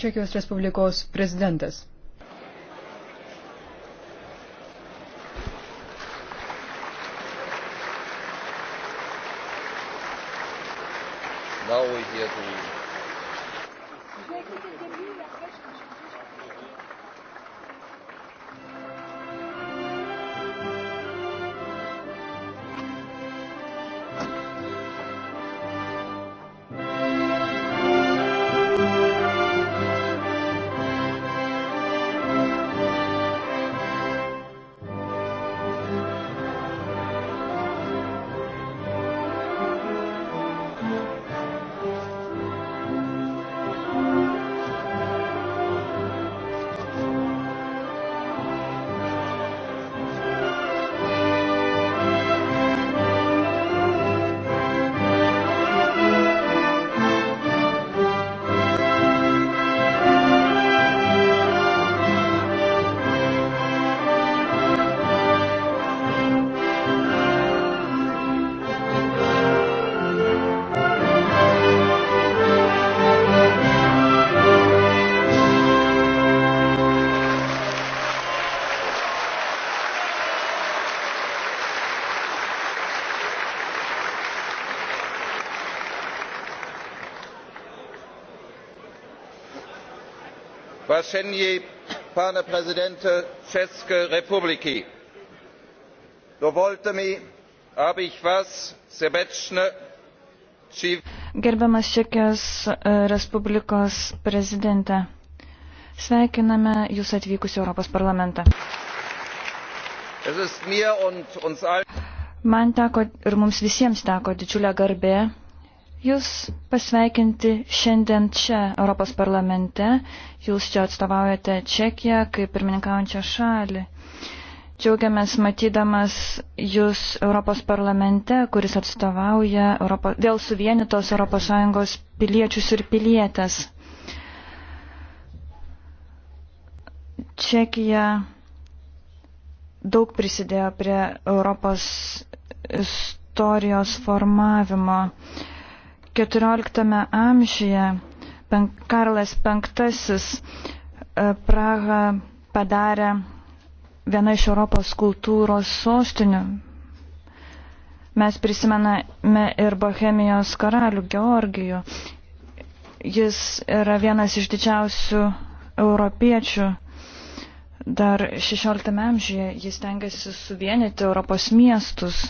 Čekijos Respublikos prezidentas. Now we hear the ogłoszenie pana prezydenta czeskiej republiki. dovolte mi aby ich vas srdačno gerbiamas čekijos e, respublikos prezidente sveikiname jus atvykus į europos parlamentą. man teko ir mums visiems teko didžiulė garbė Jūs pasveikinti šiandien čia Europos parlamente, jūs čia atstovaujate Čekiją kaip pirmininkaujančią šalį. Džiaugiamės matydamas jūs Europos parlamente, kuris atstovauja Europo, dėl suvienytos ES piliečius ir pilietės. Čekija daug prisidėjo prie Europos istorijos formavimo. Uh, XIV amžiuje Karlas V e, Prahą padarė viena iš Europos kultūros sostinių. Mes prisimename ir Bohemijos karalių Georgijų. Jis yra vienas iš didžiausių europiečių. Dar XVI amžiuje jis tengiasi suvienyti Europos miestus.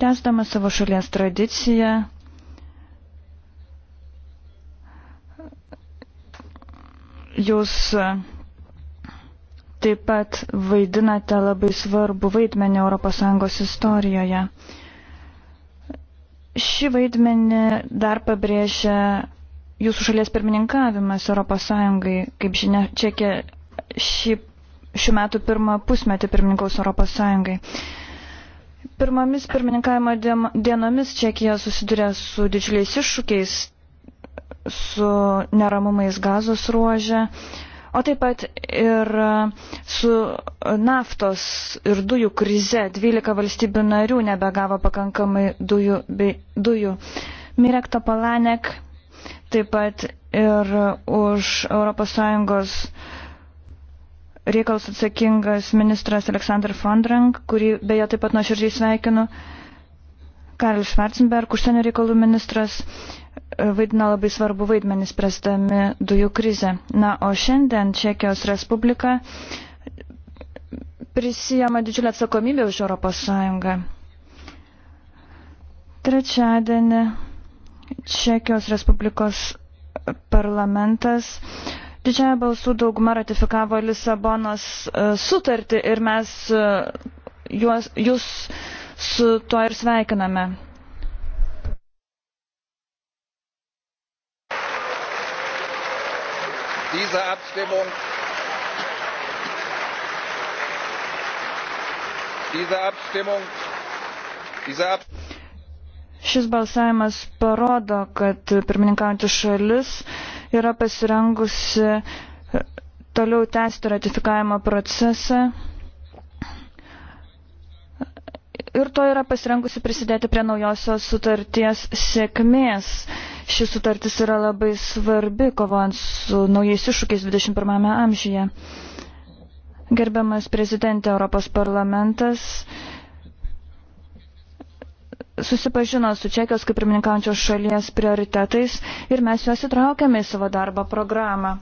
Tęsdamas savo šalies tradiciją, Jūs e, taip pat vaidinate labai svarbu vaidmenį ES istorijoje. Šį vaidmenį dar pabrėžia jūsų šalies pirmininkavimas ES, kaip žinia, Čekija šį, šių metų pirmą pusmetį pirmininkaus ES. Pirmomis pirmininkavimo dienomis Čekija susiduria su didžiuliais iššūkiais, su neramumais gazos ruožė, o taip pat ir su naftos ir dujų krize 12 valstybių narių nebegavo pakankamai dujų. Bei, dujų. Mirek Topalanek taip pat ir už ES reikalus atsakingas ministras Aleksandr Fondrank, kurį beje taip pat nuoširdžiai sveikinu. Uh, Karl Schwarzenberg, užsienio reikalų ministras, e, vaidina labai svarbu vaidmenį spręsdami dujų krizę. Na, o šiandien Čekijos Respublika prisijama didžiulę atsakomybę už Europos Sąjungą. Trečiadienį Čekijos Respublikos parlamentas didžiąją balsų daugumą ratifikavo Lisabonos e, sutartį ir mes e, juos, jūs su tuo ir sveikiname. Diese Abstimmung Diese Abstimmung, diese ab... Šis balsavimas parodo, kad pirmininkaujantis šalis yra pasirengusi toliau tęsti ratifikavimo procesą ir to yra pasirengusi prisidėti prie naujosios sutarties sėkmės. Ši sutartis yra labai svarbi, kovojant su naujais iššūkiais 21 amžyje. Gerbiamas prezidentė Europos parlamentas susipažino su Čekijos kaip pirmininkaujančios šalies prioritetais ir mes juos įtraukėme į savo darbo programą.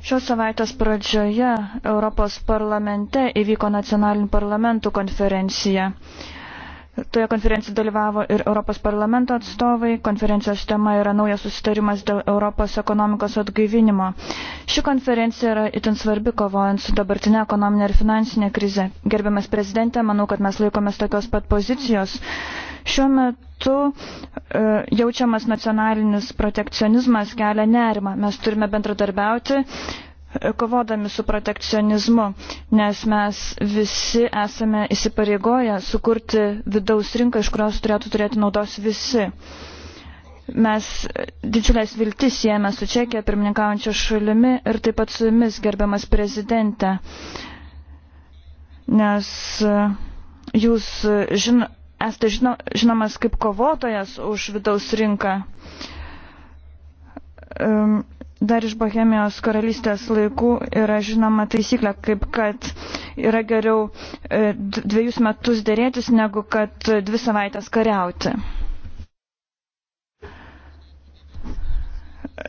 Šios savaitės pradžioje Europos parlamente įvyko nacionalinių parlamentų konferencija. Toje konferencijoje dalyvavo ir Europos parlamento atstovai. Konferencijos tema yra naujas susitarimas dėl Europos ekonomikos atgaivinimo. Ši konferencija yra itin svarbi kovojant su dabartinė ekonominė ir finansinė krize. Gerbiamas prezidentė, manau, kad mes laikomės tokios pat pozicijos. Šiuo metu e, jaučiamas nacionalinis protekcionizmas kelia nerimą. Mes turime bendradarbiauti kovodami su protekcionizmu, nes mes visi esame įsipareigoję sukurti vidaus rinką, iš kurios turėtų turėti naudos visi. Mes didžiulės viltis siejame su Čekija, pirmininkaujančia šalimi ir taip pat su jumis, gerbiamas prezidente, nes e, jūs žino, esate žino, žinomas kaip kovotojas už vidaus rinką. Um, dar iš Bohemijos karalystės laikų yra žinoma taisyklė, kaip kad yra geriau e, dviejus metus dėrėtis, negu kad dvi savaitės kariauti.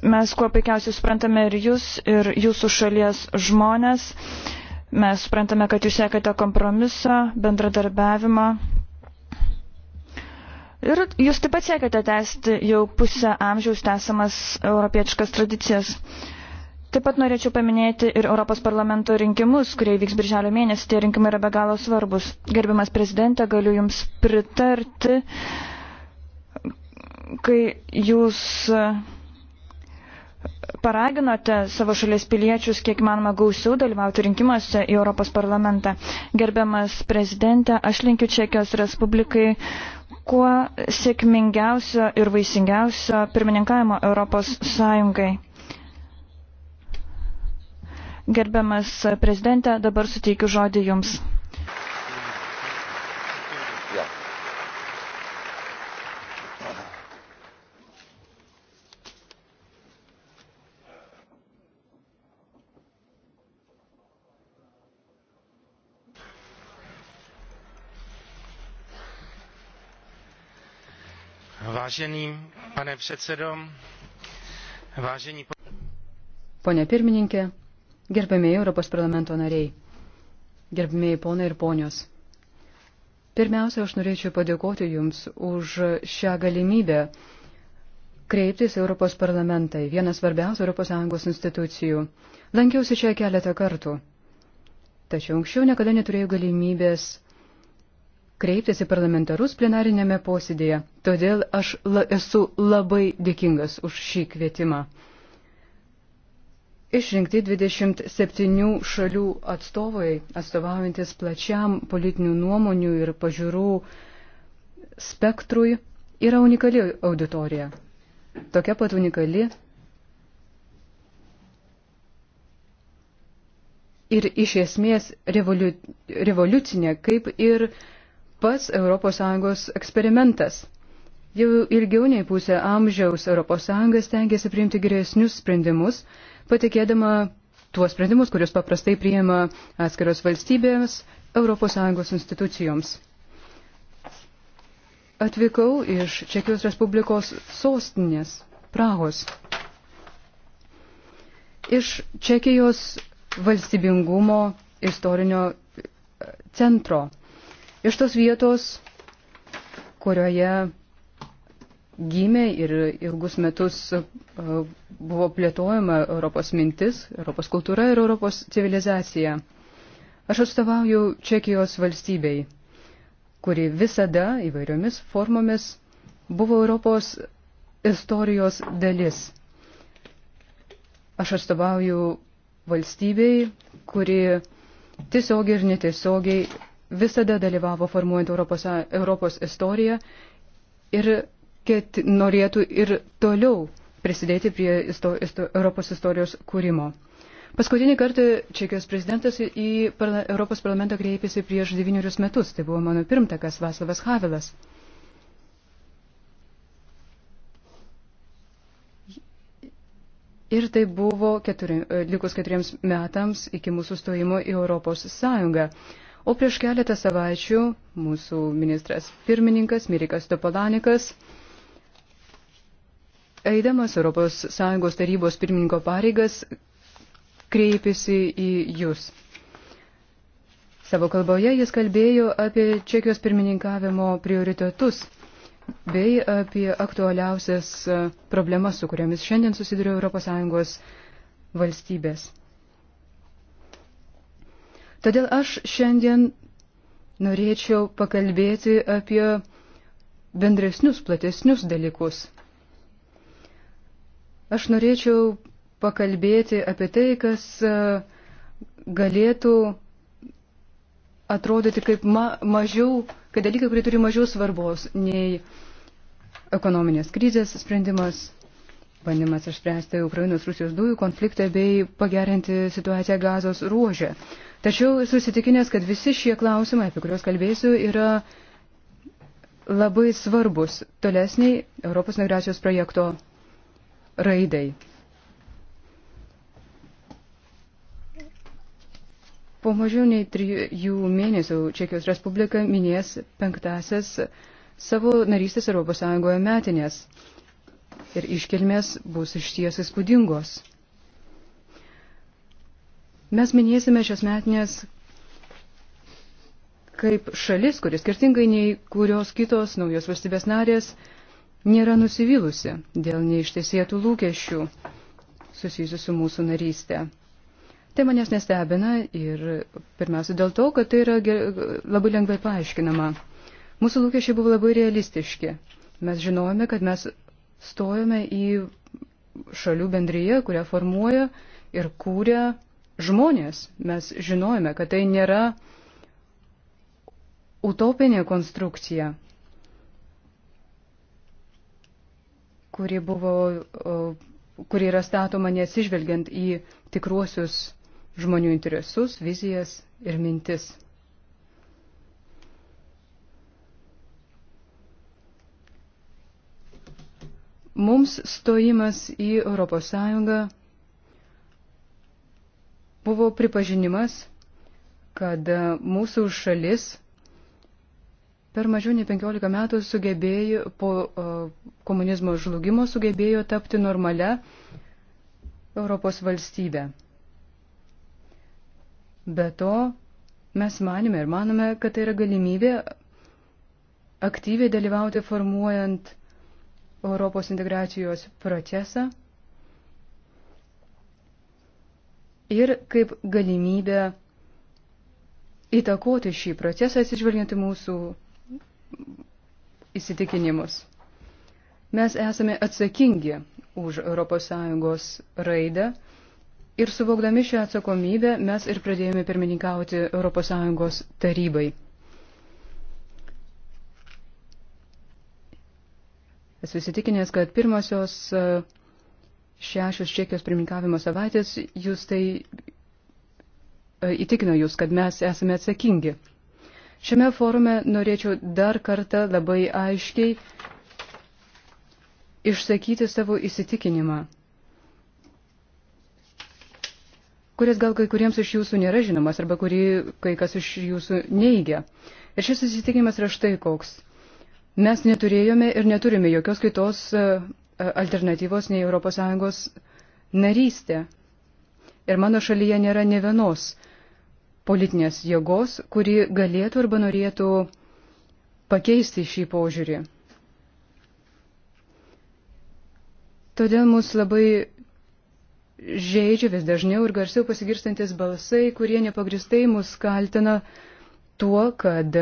Mes kuo puikiausiai suprantame ir jūs, ir jūsų šalies žmonės. Mes suprantame, kad jūs siekate kompromiso, bendradarbiavimo Ir jūs taip pat siekiate tęsti jau pusę amžiaus tęsiamas europiečkas tradicijas. Taip pat norėčiau paminėti ir Europos parlamento rinkimus, kurie vyks birželio mėnesį. Tie rinkimai yra be galo svarbus. Gerbiamas prezidente, galiu Jums pritarti, kai Jūs paraginote savo šalies piliečius kiek manoma gausiau dalyvauti rinkimuose į Europos parlamentą. Gerbiamas prezidente, aš linkiu Čekijos Respublikai kuo sėkmingiausio ir vaisingiausio pirmininkavimo Europos Sąjungai. Gerbiamas prezidente, dabar suteikiu žodį Jums. Vážený pane předsedo, vážení. Pone pirmininkė, gerbėmiai Europos parlamento nariai, gerbėmiai ponai ir ponios. Pirmiausia, aš norėčiau padėkoti Jums už šią galimybę kreiptis Europos parlamentai, vienas svarbiausių ES institucijų. Lankiausi čia keletą kartų, tačiau anksčiau niekada neturėjau galimybės kreiptis į parlamentarus plenarinėme posėdėje. Todėl aš la, esu labai dėkingas už šį kvietimą. Išrinkti 27 šalių atstovai, atstovaujantis plačiam politinių nuomonių ir pažiūrų spektrui, yra unikali auditorija. Tokia pat unikali ir iš esmės revoliu, revoliucinė, kaip ir uh, pats ES eksperimentas. Jau ilgiau nei pusę amžiaus ES tengiasi priimti geresnius sprendimus, patikėdama tuos sprendimus, kuriuos paprastai priima atskiros valstybėms ES institucijoms. Atvykau iš Čekijos Respublikos sostinės, Prahos. Iš Čekijos valstybingumo istorinio centro iš tos vietos, kurioje gimė ir ilgus metus e, buvo plėtojama Europos mintis, Europos kultūra ir Europos civilizacija. Aš atstovauju Čekijos valstybei, kuri visada įvairiomis formomis buvo Europos istorijos dalis. Aš atstovauju valstybei, kuri tiesiogiai ir netiesiogiai visada dalyvavo formuojant Europos, Europos istoriją ir kad norėtų ir toliau prisidėti prie isto, isto, Europos istorijos kūrimo. Paskutinį kartą Čekijos prezidentas į parla, Europos parlamentą kreipėsi prieš devynerius metus. Tai buvo mano pirmtakas Vaslavas Havelas. Ir tai buvo keturi, likus keturiems metams iki mūsų stojimo į Europos Sąjungą. O prieš keletą savaičių mūsų ministras pirmininkas Mirikas Topolanikas, eidamas ES tarybos pirmininko pareigas, kreipėsi į jūs. Savo kalboje jis kalbėjo apie Čekijos pirmininkavimo prioritetus bei apie aktualiausias problemas, su kuriamis šiandien susiduria ES valstybės. Todėl aš šiandien norėčiau pakalbėti apie bendresnius, platesnius dalykus. Aš norėčiau pakalbėti apie tai, kas e, galėtų atrodyti kaip ma mažiau, kad dalykai, kurie turi mažiau svarbos nei ekonominės krizės sprendimas, bandymas išspręsti Ukrainos Rusijos dujų konfliktą bei pagerinti situaciją gazos ruožę. Tačiau susitikinęs, kad visi šie klausimai, apie kuriuos kalbėsiu, yra labai svarbus tolesniai Europos migracijos projekto raidai. Po mažiau nei trijų mėnesių Čekijos Respublika minės penktasias savo narystės Europos Sąjungoje metinės ir iškilmės bus išties įspūdingos. Mes minėsime šias metinės kaip šalis, kuris skirtingai nei kurios kitos naujos valstybės narės nėra nusivylusi dėl neištiesėtų lūkesčių susijusių su mūsų narystė. Tai manęs nestebina ir pirmiausia dėl to, kad tai yra labai lengvai paaiškinama. Mūsų lūkesčiai buvo labai realistiški. Mes žinojome, kad mes stojome į šalių bendryje, kurią formuoja ir kūrė žmonės. Mes žinojame, kad tai nėra utopinė konstrukcija, kuri, buvo, kuri yra statoma neatsižvelgiant į tikruosius žmonių interesus, vizijas ir mintis. Mums stojimas į ES buvo pripažinimas, kad mūsų šalis per mažiau nei 15 metų sugebėjo, po komunizmo žlugimo sugebėjo tapti normale Europos valstybė. Be to, mes manime ir manome, kad tai yra galimybė aktyviai dalyvauti formuojant Europos integracijos procesą ir kaip galimybę įtakoti šį procesą atsižvelgiant į mūsų įsitikinimus. Mes esame atsakingi už ES raidą ir suvokdami šią atsakomybę mes ir pradėjome pirmininkauti ES tarybai. Esu įsitikinęs, kad pirmosios šešios Čekijos pirmininkavimo savaitės jūs tai e, įtikino jūs, kad mes esame atsakingi. Šiame forume norėčiau dar kartą labai aiškiai išsakyti savo įsitikinimą, kuris gal kai kuriems iš jūsų nėra žinomas arba kurį kai kas iš jūsų neigia. Ir šis įsitikinimas yra štai koks. Mes neturėjome ir neturime jokios kitos e, alternatyvos nei ES narystė. Ir mano šalyje nėra ne vienos politinės jėgos, kuri galėtų arba norėtų pakeisti šį požiūrį. Todėl mus labai žaidžia vis dažniau ir garsiau pasigirstantis balsai, kurie nepagristai mus kaltina tuo, kad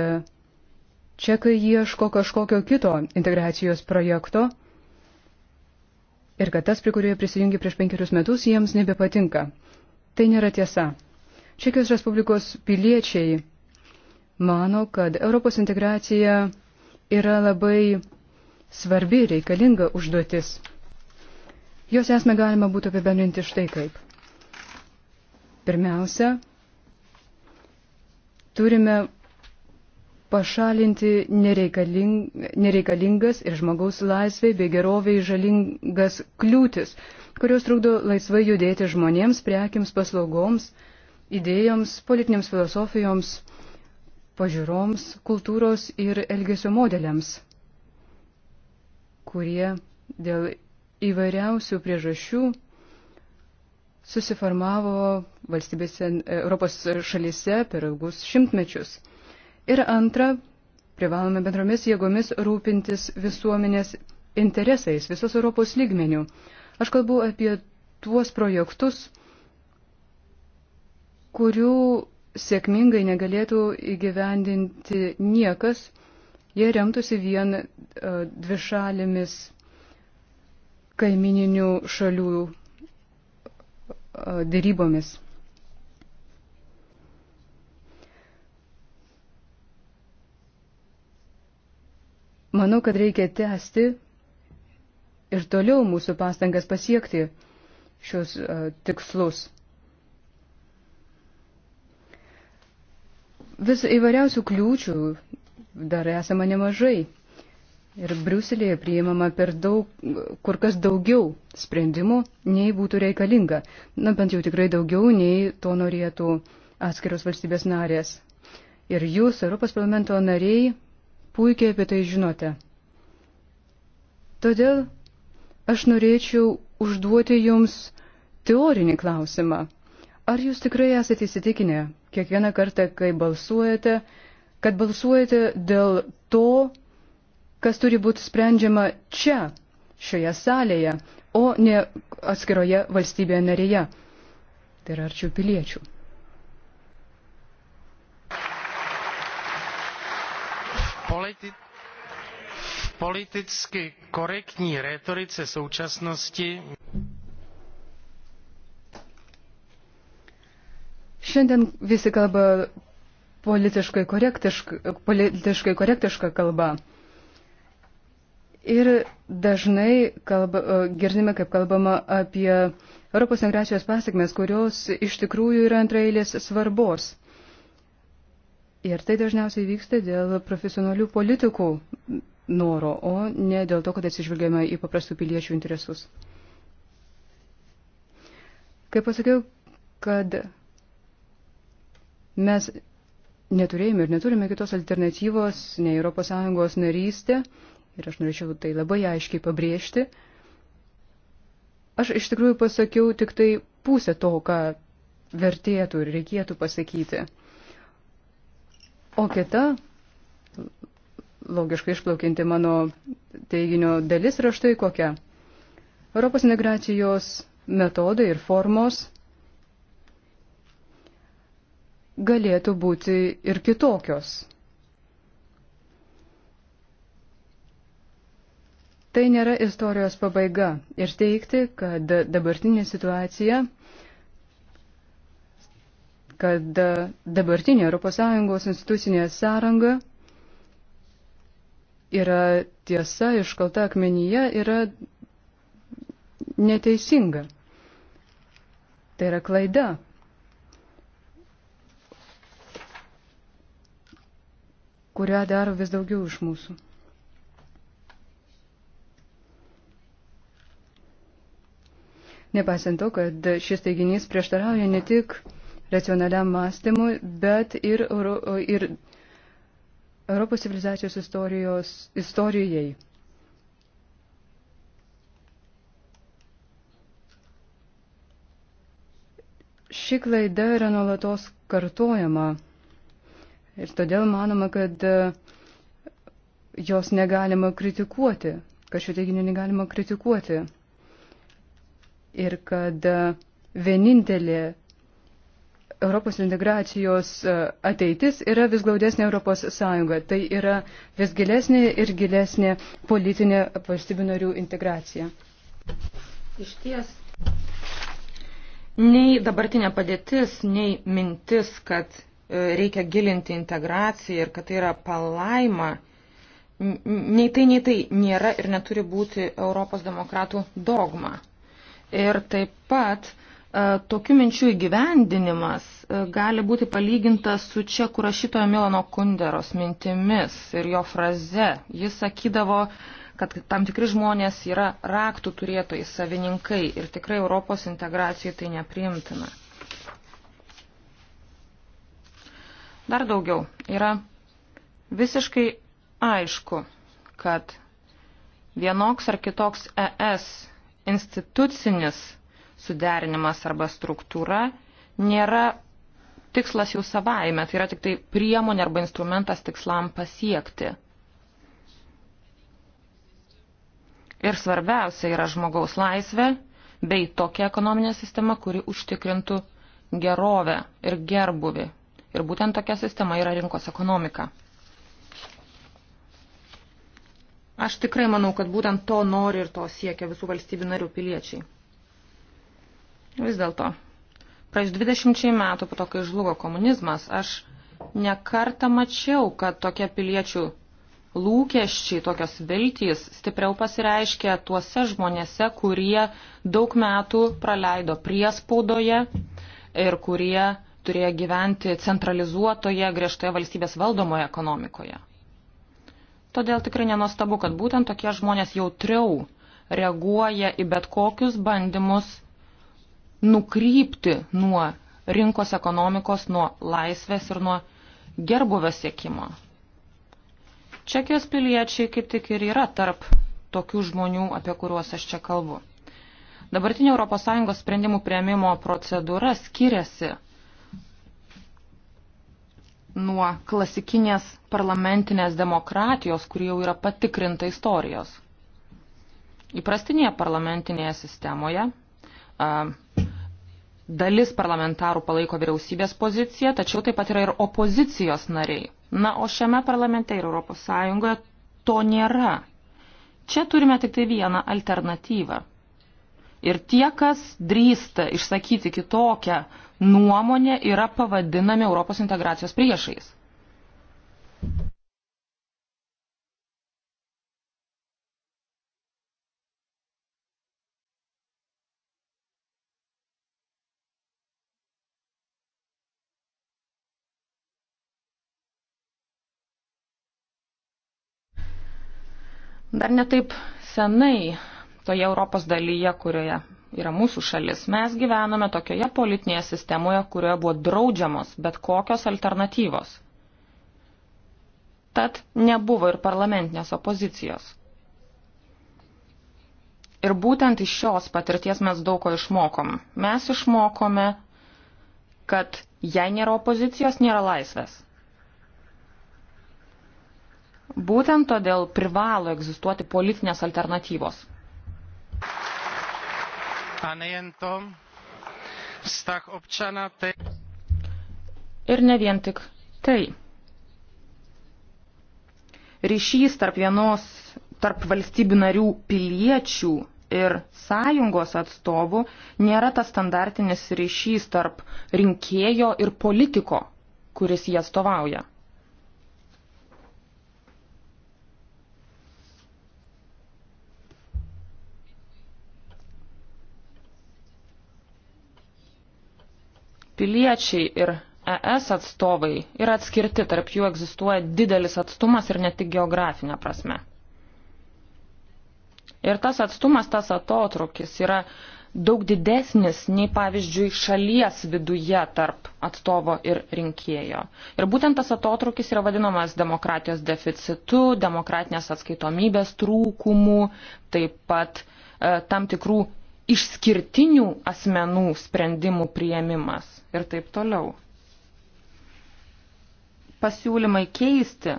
čekai ieško kažkokio kito integracijos projekto ir kad tas, prie kurio prisijungė prieš penkerius metus, jiems nebepatinka. Tai nėra tiesa. Čekijos Respublikos piliečiai mano, kad Europos integracija yra labai svarbi reikalinga užduotis. Jos esmę galima būtų apibendrinti štai kaip. Pirmiausia, turime pašalinti nereikaling, nereikalingas ir žmogaus laisvai bei geroviai žalingas kliūtis, kurios trukdo laisvai judėti žmonėms, prekiams, paslaugoms, idėjoms, politinėms filosofijoms, pažiūroms, kultūros ir elgesio modeliams, kurie dėl įvairiausių priežasčių susiformavo valstybėse Europos šalyse per ilgus šimtmečius. Ir antra, privalome bendromis jėgomis rūpintis visuomenės interesais visos Europos lygmenių. Aš kalbu apie tuos projektus, kurių sėkmingai negalėtų įgyvendinti niekas, jie remtųsi vien e, dvišalėmis kaimininių šalių e, dėrybomis. Manau, kad reikia tęsti ir toliau mūsų pastangas pasiekti šios uh, tikslus. Vis įvairiausių kliūčių dar esama nemažai. Ir Briuselėje priimama per daug, kur kas daugiau sprendimų, nei būtų reikalinga. Na, bent jau tikrai daugiau, nei to norėtų atskiros valstybės narės. Ir jūs, Europos parlamento nariai, puikiai apie tai žinote. Todėl aš norėčiau užduoti jums teorinį klausimą. Ar jūs tikrai esate įsitikinę kiekvieną kartą, kai balsuojate, kad balsuojate dėl to, kas turi būti sprendžiama čia, šioje salėje, o ne atskiroje valstybėje narėje? Tai yra arčių piliečių. politi- v politicky korektní rétorice současnosti Šiandien visi kalba politiškai korektiška, politiškai korektiška kalba. Ir dažnai kalba, e, girdime, kaip kalbama apie Europos migracijos pasiekmes, kurios iš tikrųjų yra antrailės svarbos. Ir tai dažniausiai vyksta dėl profesionalių politikų noro, o ne dėl to, kad atsižvelgiame į paprastų piliečių interesus. Kaip pasakiau, kad mes neturėjome ir neturime kitos alternatyvos, ne ES narystė, ir aš norėčiau tai labai aiškiai pabrėžti. Aš iš tikrųjų pasakiau tik tai pusę to, ką vertėtų ir reikėtų pasakyti. O kita logiškai išplaukinti mano teiginio dalis yra štai kokia. Europos integracijos metodai ir formos galėtų būti ir kitokios. Tai nėra istorijos pabaiga ir teikti, kad dabartinė situacija kad dabartinė ES institucinė sąranga yra tiesa iškalta akmenyje yra neteisinga. Tai yra klaida. kurią daro vis daugiau iš mūsų. Nepaisant to, kad šis teiginys prieštarauja ne tik racionaliam mąstymui, bet ir, Euro, ir Europos civilizacijos istorijos, istorijai. Ši klaida yra nuolatos kartojama ir todėl manoma, kad e, jos negalima kritikuoti, kad šių teiginių negalima kritikuoti ir kad e, vienintelė Europos integracijos e, ateitis yra vis glaudesnė Europos Sąjunga. Tai yra vis gilesnė ir gilesnė politinė valstybių narių integracija. Iš ties. Nei dabartinė padėtis, nei mintis, kad e, reikia gilinti integraciją ir kad tai yra palaima, nei tai, nei tai nėra ir neturi būti Europos demokratų dogma. Ir taip pat E, tokių minčių įgyvendinimas e, gali būti palygintas su čekų rašytojo Milano Kunderos mintimis ir jo fraze. Jis sakydavo, kad tam tikri žmonės yra raktų turėtojai, savininkai ir tikrai Europos integracijai tai nepriimtina. Dar daugiau yra visiškai aišku, kad vienoks ar kitoks ES institucinis suderinimas arba struktūra nėra tikslas jau savaime, tai yra tik tai priemonė arba instrumentas tikslam pasiekti. Ir svarbiausia yra žmogaus laisvė bei tokia ekonominė sistema, kuri užtikrintų gerovę ir gerbuvi. Ir būtent tokia sistema yra rinkos ekonomika. Aš tikrai manau, kad būtent to nori ir to siekia visų valstybių narių piliečiai. Vis dėlto, praeis 20 metų po to, kai žlugo komunizmas, aš nekartą mačiau, kad tokie piliečių lūkesčiai, tokios viltys stipriau pasireiškia tuose žmonėse, kurie daug metų praleido priespaudoje ir kurie turėjo gyventi centralizuotoje, griežtoje valstybės valdomoje ekonomikoje. Todėl tikrai nenostabu, kad būtent tokie žmonės jautriau reaguoja į bet kokius bandymus nukrypti nuo rinkos ekonomikos, nuo laisvės ir nuo gerbuvio siekimo. Čekijos piliečiai kaip tik ir yra tarp tokių žmonių, apie kuriuos aš čia kalbu. Dabartinė ES sprendimų prieimimo procedūra skiriasi nuo klasikinės parlamentinės demokratijos, kuri jau yra patikrinta istorijos. Įprastinėje parlamentinėje sistemoje dalis parlamentarų palaiko vyriausybės poziciją, tačiau taip pat yra ir opozicijos nariai. Na, o šiame parlamente ir Europos Sąjungoje to nėra. Čia turime tik tai vieną alternatyvą. Ir tie, kas drįsta išsakyti kitokią nuomonę, yra pavadinami Europos integracijos priešais. Dar netaip senai toje Europos dalyje, kurioje yra mūsų šalis, mes gyvenome tokioje politinėje sistemoje, kurioje buvo draudžiamos bet kokios alternatyvos. Tad nebuvo ir parlamentinės opozicijos. Ir būtent iš šios patirties mes daug ko išmokom. Mes išmokome, kad jei nėra opozicijos, nėra laisvės. Būtent todėl privalo egzistuoti politinės alternatyvos. Ir ne vien tik tai. Ryšys tarp vienos, tarp valstybių narių piliečių ir sąjungos atstovų nėra tas standartinis ryšys tarp rinkėjo ir politiko, kuris jį atstovauja. Piliečiai ir ES atstovai yra atskirti, tarp jų egzistuoja didelis atstumas ir ne tik geografinė prasme. Ir tas atstumas, tas atotrukis yra daug didesnis nei, pavyzdžiui, šalies viduje tarp atstovo ir rinkėjo. Ir būtent tas atotrukis yra vadinamas demokratijos deficitu, demokratinės atskaitomybės trūkumu, taip pat e, tam tikrų išskirtinių asmenų sprendimų prieimimas ir taip toliau. Pasiūlymai keisti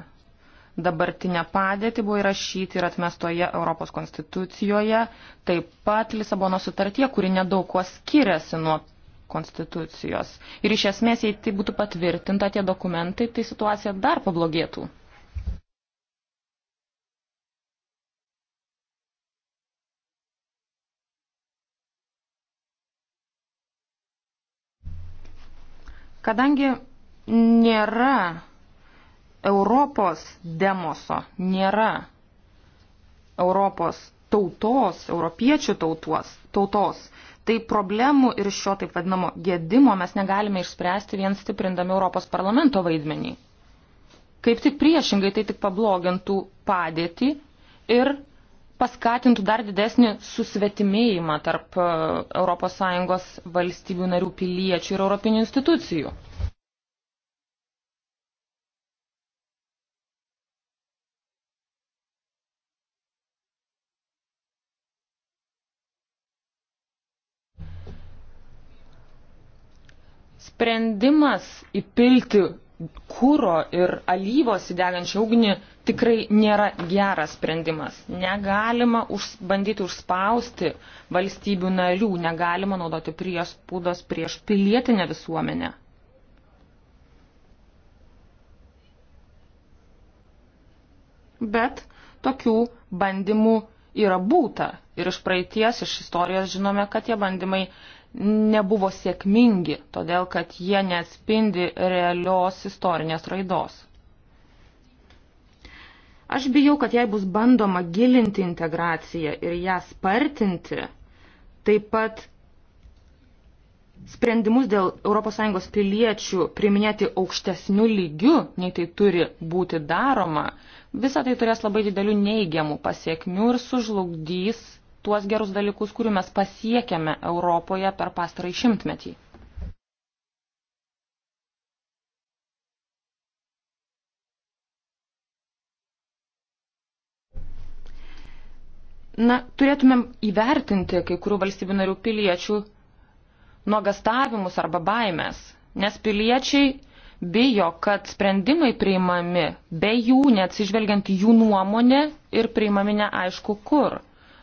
dabartinę padėtį buvo įrašyti ir atmestoje Europos konstitucijoje, taip pat Lisabono sutartie, kuri nedaug kuo skiriasi nuo konstitucijos. Ir iš esmės, jei tai būtų patvirtinta tie dokumentai, tai situacija dar pablogėtų. Kadangi nėra Europos demoso, nėra Europos tautos, europiečių tautos, tautos, tai problemų ir šio taip vadinamo gedimo mes negalime išspręsti vien stiprindami Europos parlamento vaidmenį. Kaip tik priešingai tai tik pablogintų padėtį ir paskatintų dar didesnį susvetimėjimą tarp ES valstybių narių piliečių ir europinių institucijų. Sprendimas įpilti kūro ir alyvos įdegančią ugnį tikrai nėra geras sprendimas. Negalima už, bandyti užspausti valstybių narių, negalima naudoti priespūdos prieš pilietinę visuomenę. Bet tokių bandymų yra būta ir iš praeities, iš istorijos žinome, kad tie bandymai nebuvo sėkmingi, todėl kad jie neatspindi realios istorinės raidos. Aš bijau, kad jei bus bandoma gilinti integraciją ir ją spartinti, taip pat sprendimus dėl ES piliečių priminėti aukštesnių lygių, nei tai turi būti daroma, visa tai turės labai didelių neigiamų pasiekmių ir sužlugdys tuos gerus dalykus, kurių mes pasiekėme Europoje per pastarąjį šimtmetį. Na, turėtumėm įvertinti kai kurių valstybių narių piliečių nuogastavimus arba baimės, nes piliečiai bijo, kad sprendimai priimami be jų, neatsižvelgiant jų nuomonę ir priimami neaišku kur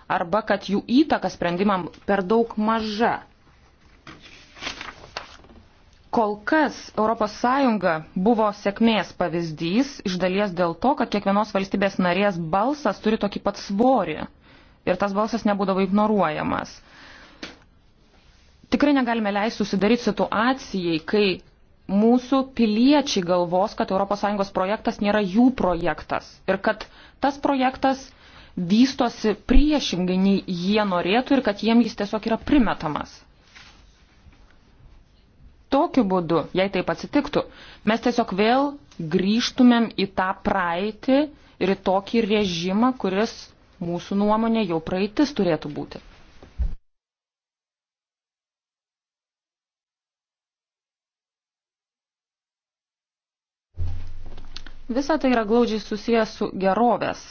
arba kad jų įtaka sprendimam per daug maža. Kol kas ES buvo sėkmės pavyzdys iš dalies dėl to, kad kiekvienos valstybės narės balsas turi tokį pat svorį ir tas balsas nebūdavo ignoruojamas. Tikrai negalime leisti susidaryti situacijai, kai mūsų piliečiai galvos, kad ES projektas nėra jų projektas ir kad tas projektas vystosi priešingai, nei jie norėtų ir kad jiems jis tiesiog yra primetamas. Tokiu būdu, jei taip atsitiktų, mes tiesiog vėl grįžtumėm į tą praeitį ir į tokį režimą, kuris mūsų nuomonė jau praeitis turėtų būti. Visa tai yra glaudžiai susijęs su gerovės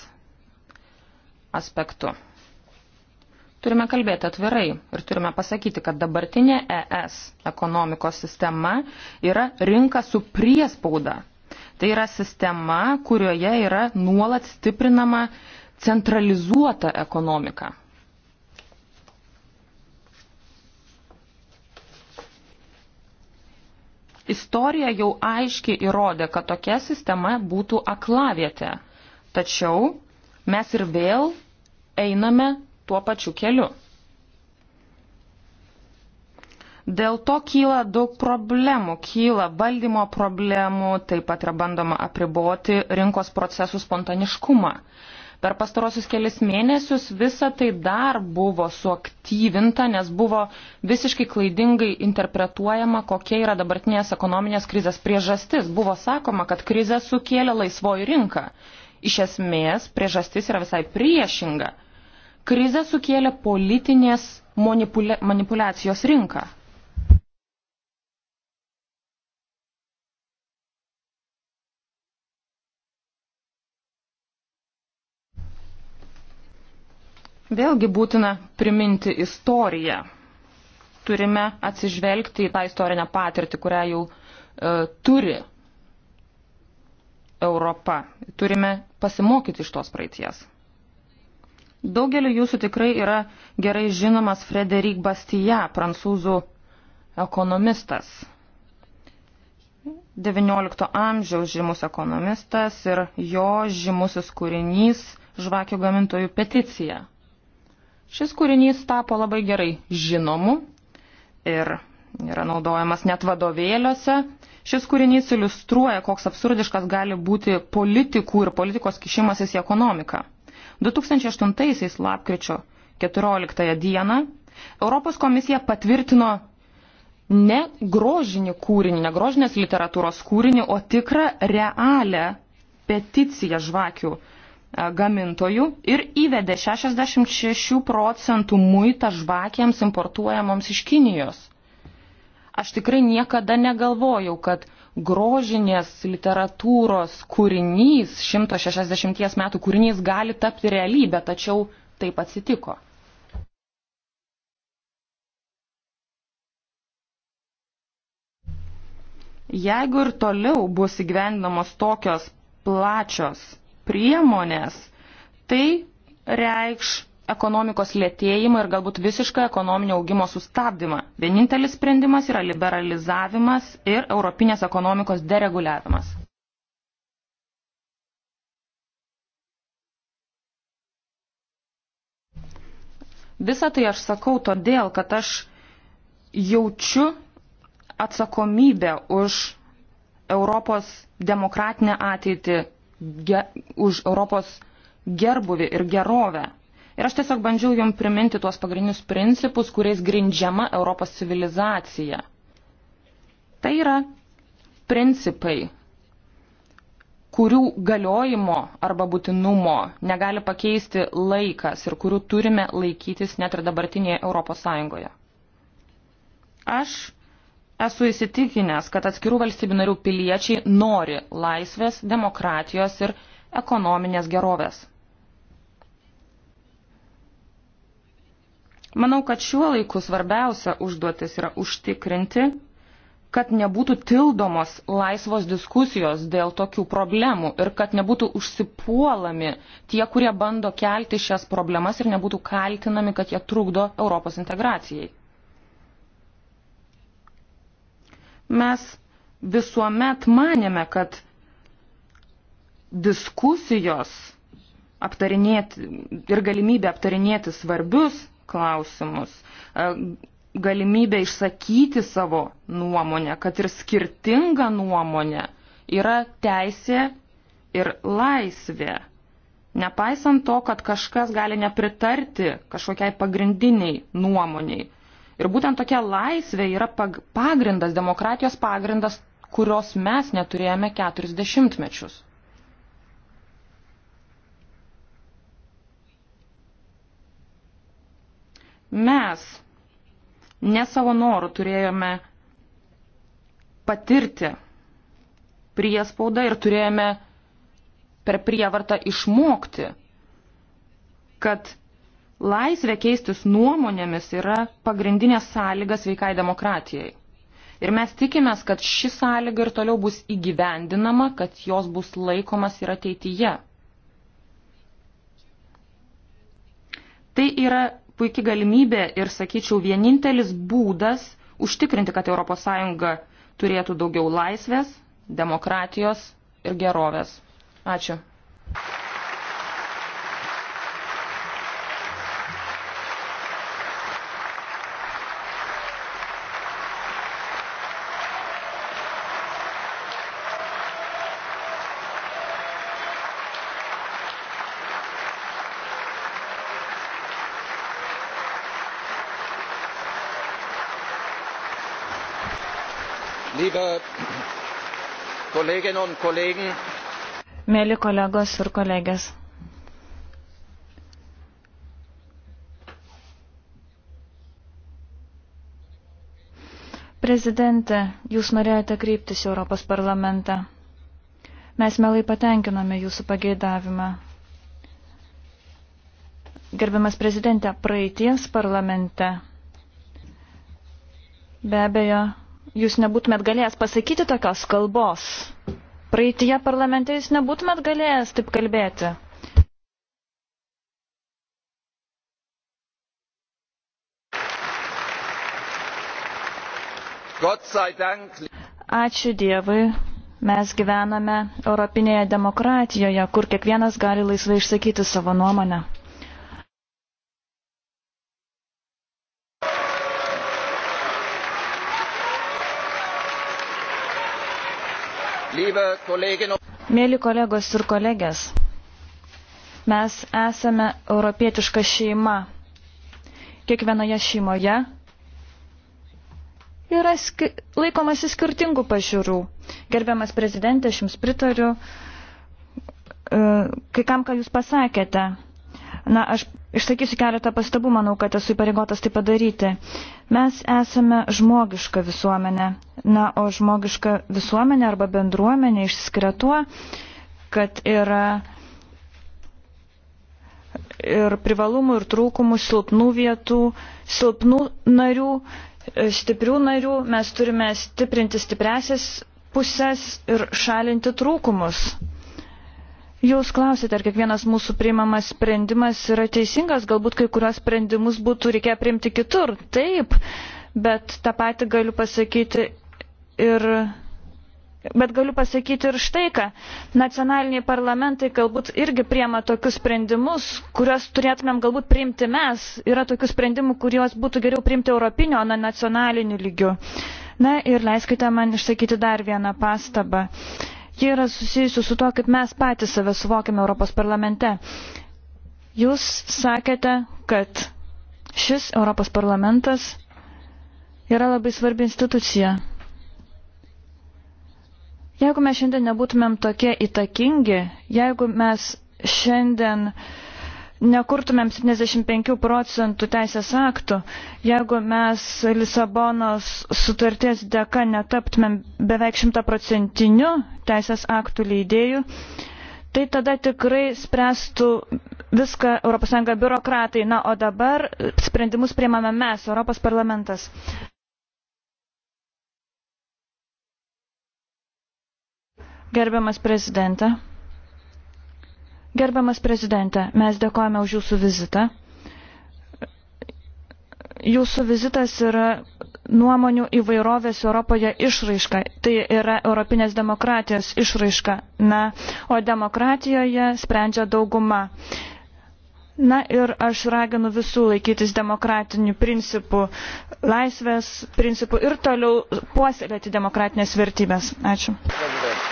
aspektu. Turime kalbėti atvirai ir turime pasakyti, kad dabartinė ES ekonomikos sistema yra rinka su priespauda. Tai yra sistema, kurioje yra nuolat stiprinama centralizuota ekonomika. Istorija jau aiškiai įrodė, kad tokia sistema būtų aklavietė. Tačiau mes ir vėl einame tuo pačiu keliu. Dėl to kyla daug problemų, kyla valdymo problemų, taip pat yra bandoma apriboti rinkos procesų spontaniškumą. Per pastarosius kelias mėnesius visa tai dar buvo suaktyvinta, nes buvo visiškai klaidingai interpretuojama, kokia yra dabartinės ekonominės krizės priežastis. Buvo sakoma, kad krizę sukėlė laisvoji rinka. Iš esmės, priežastis yra visai priešinga. Krize sukėlė politinės manipula manipulacijos rinką. Vėlgi būtina priminti istoriją. Turime atsižvelgti į tą istorinę patirtį, kurią jau e, turi Europa. Turime pasimokyti iš tos praeities. Daugeliu jūsų tikrai yra gerai žinomas Frederik Bastia, prancūzų ekonomistas. XIX amžiaus žymus ekonomistas ir jo žymusis kūrinys žvakių gamintojų peticija. Šis kūrinys tapo labai gerai žinomu ir yra naudojamas net vadovėliuose. Šis kūrinys iliustruoja, koks absurdiškas gali būti politikų ir politikos kišimasis į ekonomiką. 2008 lapkričio 14 dieną Europos komisija patvirtino ne grožinį kūrinį, ne grožinės literatūros kūrinį, o tikrą realią peticiją žvakių e, gamintojų ir įvedė 66 procentų muitą žvakėms importuojamoms iš Kinijos. Aš tikrai niekada negalvojau, kad grožinės literatūros kūrinys, 160 metų kūrinys gali tapti realybę, tačiau taip atsitiko. Jeigu ir toliau bus įgyvendinamos tokios plačios priemonės, tai reikš ekonomikos lėtėjimą ir galbūt visišką ekonominio augimo sustabdymą. Vienintelis sprendimas yra liberalizavimas ir europinės ekonomikos dereguliavimas. Visą tai aš sakau todėl, kad aš jaučiu atsakomybę už Europos demokratinę ateitį, ge, už Europos gerbuvį ir gerovę. Ir aš tiesiog bandžiau jum priminti tuos pagrindinius principus, kuriais grindžiama Europos civilizacija. Tai yra principai, kurių galiojimo arba būtinumo negali pakeisti laikas ir kurių turime laikytis net ir dabartinėje Europos Sąjungoje. Aš esu įsitikinęs, kad atskirų valstybių narių piliečiai nori laisvės, demokratijos ir ekonominės gerovės. Manau, kad šiuo laiku svarbiausia užduotis yra užtikrinti, kad nebūtų tildomos laisvos diskusijos dėl tokių problemų ir kad nebūtų užsipuolami tie, kurie bando kelti šias problemas ir nebūtų kaltinami, kad jie trukdo Europos integracijai. Mes visuomet manėme, kad diskusijos aptarinėti ir galimybė aptarinėti svarbius klausimus, e, galimybė išsakyti savo nuomonę, kad ir skirtinga nuomonė yra teisė ir laisvė. Nepaisant to, kad kažkas gali nepritarti kažkokiai pagrindiniai nuomoniai. Ir būtent tokia laisvė yra pagrindas, demokratijos pagrindas, kurios mes neturėjome 40 mečius. Mes ne savo norų turėjome patirti priespaudą ir turėjome per prievartą išmokti, kad laisvė keistis nuomonėmis yra pagrindinė sąlyga sveikai demokratijai. Ir mes tikimės, kad ši sąlyga ir toliau bus įgyvendinama, kad jos bus laikomas ir ateityje. Tai yra puikia galimybė ir, sakyčiau, vienintelis būdas užtikrinti, kad ES turėtų daugiau laisvės, demokratijos ir gerovės. Ačiū. Kolleginnen und Kollegen. Mėly kolegos ir kolegės. Prezidente, jūs norėjote kryptis į Europos parlamentą. Mes melai patenkinome jūsų pageidavimą. Gerbiamas prezidente, praeities parlamente. Be abejo, jūs nebūtumėt galėjęs pasakyti tokios kalbos. Praeitie parlamente jūs nebūtumėt galėjęs taip kalbėti. Ačiū Dievui, mes gyvename Europinėje demokratijoje, kur kiekvienas gali laisvai išsakyti savo nuomonę. Mėly kolegos ir kolegės, mes esame europietiška šeima. Kiekvienoje šeimoje yra ski laikomasi skirtingų pažiūrų. Gerbiamas prezidentė, aš jums pritariu, e, kai kam, ką jūs pasakėte. Na, aš išsakysiu keletą pastabų, manau, kad esu įpareigotas tai padaryti. Mes esame žmogiška visuomenė. Na, o žmogiška visuomenė arba bendruomenė išskiria tuo, kad yra ir privalumų, ir trūkumų, silpnų vietų, silpnų narių, stiprių narių. Mes turime stiprinti stipresias pusės ir šalinti trūkumus. Jūs klausėte, ar kiekvienas mūsų priimamas sprendimas yra teisingas, galbūt kai kurios sprendimus būtų reikėję priimti kitur. Taip, bet tą patį galiu pasakyti ir. Bet galiu pasakyti ir štai ką. Nacionaliniai parlamentai galbūt irgi priema tokius sprendimus, kuriuos turėtumėm galbūt priimti mes. Yra tokių sprendimų, kuriuos būtų geriau priimti europinio, o ne nacionaliniu lygiu. Na ir leiskite man išsakyti dar vieną pastabą. Uh, Jie yra susijusi su to, kaip mes patys save suvokime Europos parlamente. Jūs sakėte, kad šis Europos parlamentas yra labai svarbi institucija. Jeigu mes šiandien nebūtumėm tokie įtakingi, jeigu mes šiandien uh, nekurtumėm 75 procentų teisės aktų, jeigu mes Lisabonos sutarties dėka netaptumėm beveik šimtaprocentiniu teisės aktų leidėjų, tai tada tikrai spręstų viską ES biurokratai. Na, o dabar sprendimus priimame mes, Europos parlamentas. Gerbiamas prezidente. Gerbiamas prezidente, mes dėkojame už jūsų vizitą. Jūsų vizitas yra nuomonių įvairovės Europoje išraiška. Tai yra europinės demokratijos išraiška. Na, o demokratijoje sprendžia dauguma. Na ir aš raginu visų laikytis demokratinių principų, laisvės principų ir toliau puoselėti demokratinės vertybės. Ačiū. Prezident.